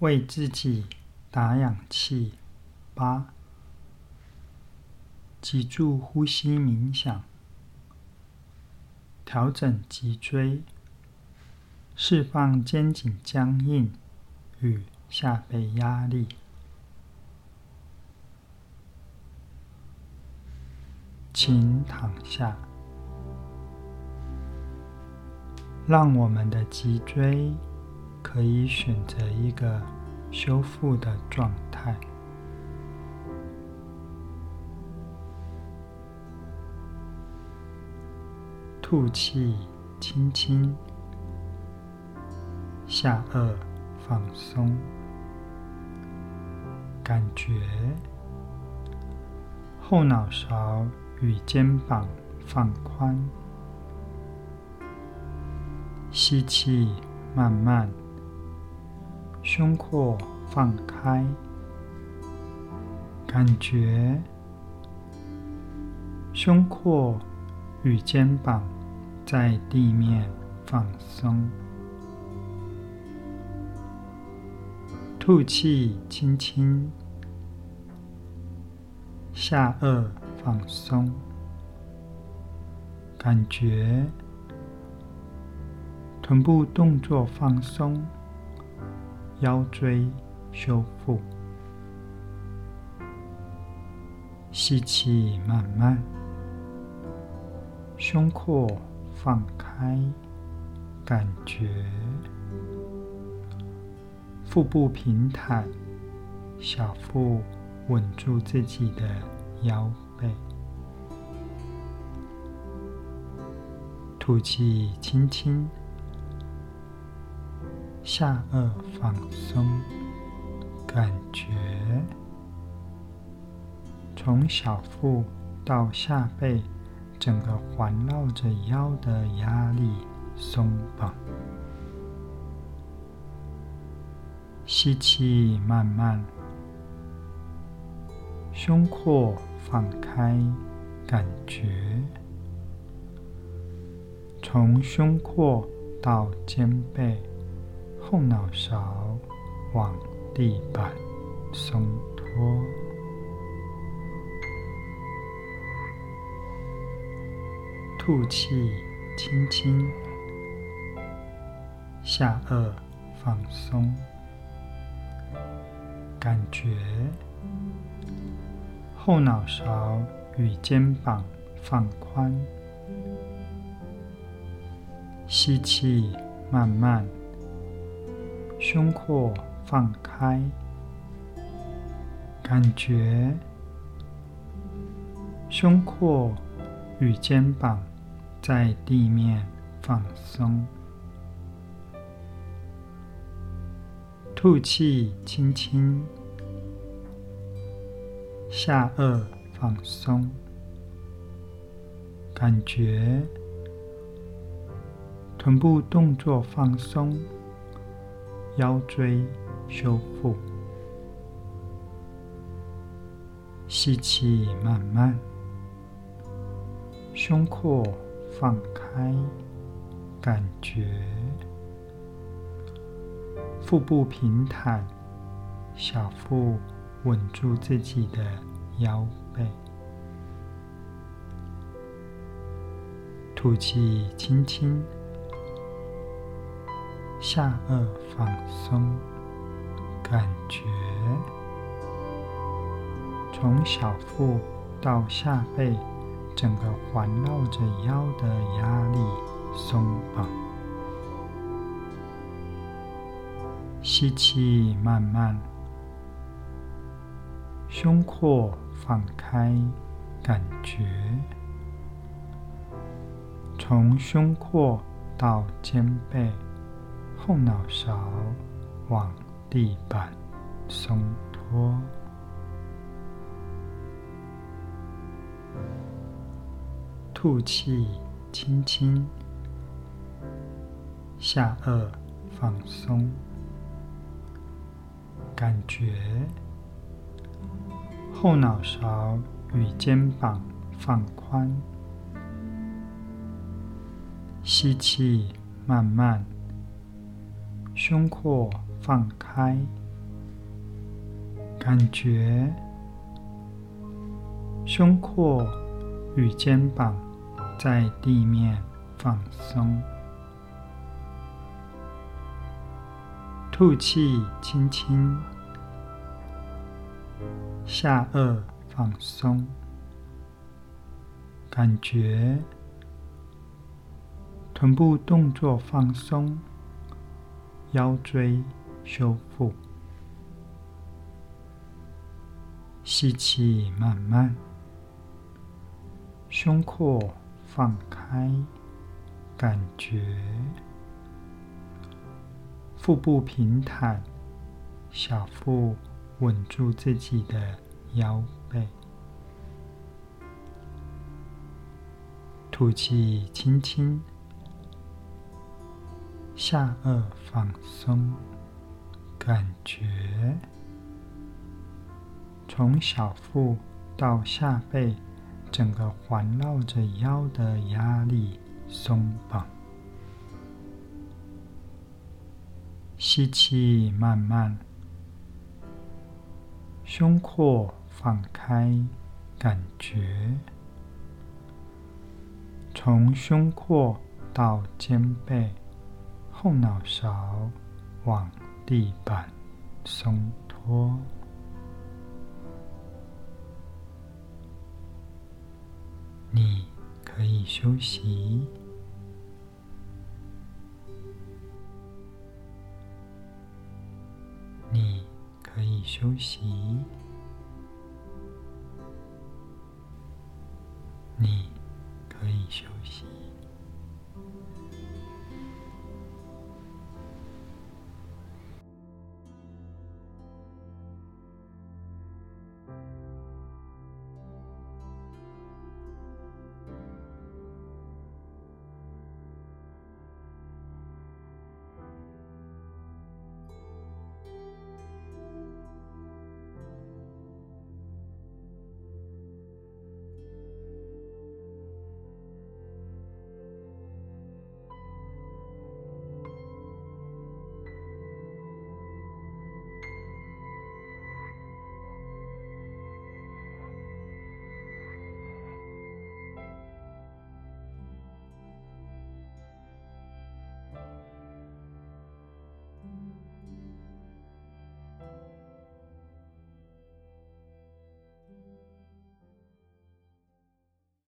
為自己打氧氣，八脊柱呼吸冥想，調整脊椎，釋放肩頸僵硬與下背壓力，請躺下，讓我們的脊椎。可以選擇一個修復的狀態，吐氣，輕輕，下顎放鬆，感覺後腦勺與肩膀放寬，吸氣，慢慢。胸廓放開，感覺胸廓與肩膀在地面放鬆，吐氣，輕輕下顎放鬆，感覺臀部動作放鬆。腰椎修復，吸氣慢慢，胸廓放開，感覺腹部平坦，小腹穩住自己的腰背，吐氣輕輕。下顎放鬆，感覺從小腹到下背，整個環繞着腰的壓力鬆綁。吸氣，慢慢，胸廓放開，感覺從胸廓到肩背。後腦勺往地板鬆脫，吐氣，輕輕下顎放鬆，感覺後腦勺與肩膀放寬，吸氣，慢慢。胸廓放開，感覺胸廓與肩膀在地面放鬆，吐氣，輕輕下顎放鬆，感覺臀部動作放鬆。腰椎修復，吸氣慢慢，胸廓放開，感覺腹部平坦，小腹穩住自己的腰背，吐氣輕輕。下顎放鬆，感覺從小腹到下背，整個環繞着腰的壓力鬆綁。吸氣，慢慢胸廓放開，感覺從胸廓到肩背，後腦勺往地板鬆脫，吐氣輕輕，下顎放鬆，感覺後腦勺與肩膀放寬，吸氣，慢慢。胸廓放開，感覺胸廓與肩膀在地面放鬆，吐氣輕輕，下顎放鬆，感覺臀部動作放鬆。腰椎修復，吸氣慢慢，胸廓放開，感覺腹部平坦，小腹穩住自己的腰背，吐氣輕輕。下顎放鬆，感覺從小腹到下背，整個環繞着腰的壓力鬆綁。吸氣，慢慢胸廓放開，感覺從胸廓到肩背。後腦勺往地板鬆脫，你可以休息，你可以休息，你可以休息。